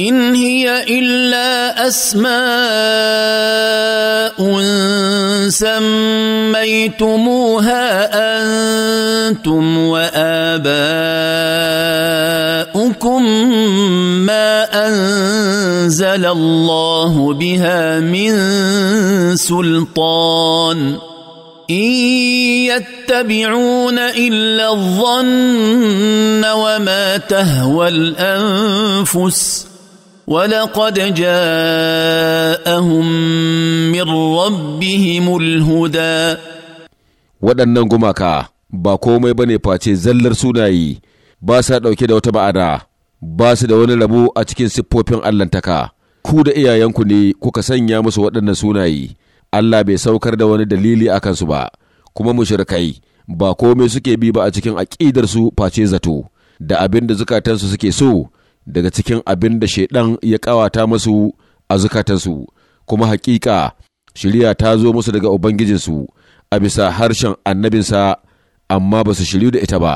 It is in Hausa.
إن هي إلا أسماء سميتموها أنتم وآباؤكم ما أنزل الله بها من سلطان إن يتبعون إلا الظن وما تهوى الأنفس ۖ ولقد جاءهم من ربهم الهدى waɗannan gumaka ba komai ba ne face zallar sunayi ba sa ɗauke da wata ma'ana ba su da wani rabo a cikin siffofin allantaka ku da iyayenku ne kuka sanya musu waɗannan sunayi allah bai saukar da wani dalili a kansu ba kuma mushrikai ba komai suke bi ba a cikin aƙidarsu face zato da abin da zukatansu suke so daga cikin abin da shaidan ya kawata masu a zukatansu kuma hakika shirya ta zo musu daga ubangijinsu a bisa harshen annabinsa amma ba su shiryu da ita ba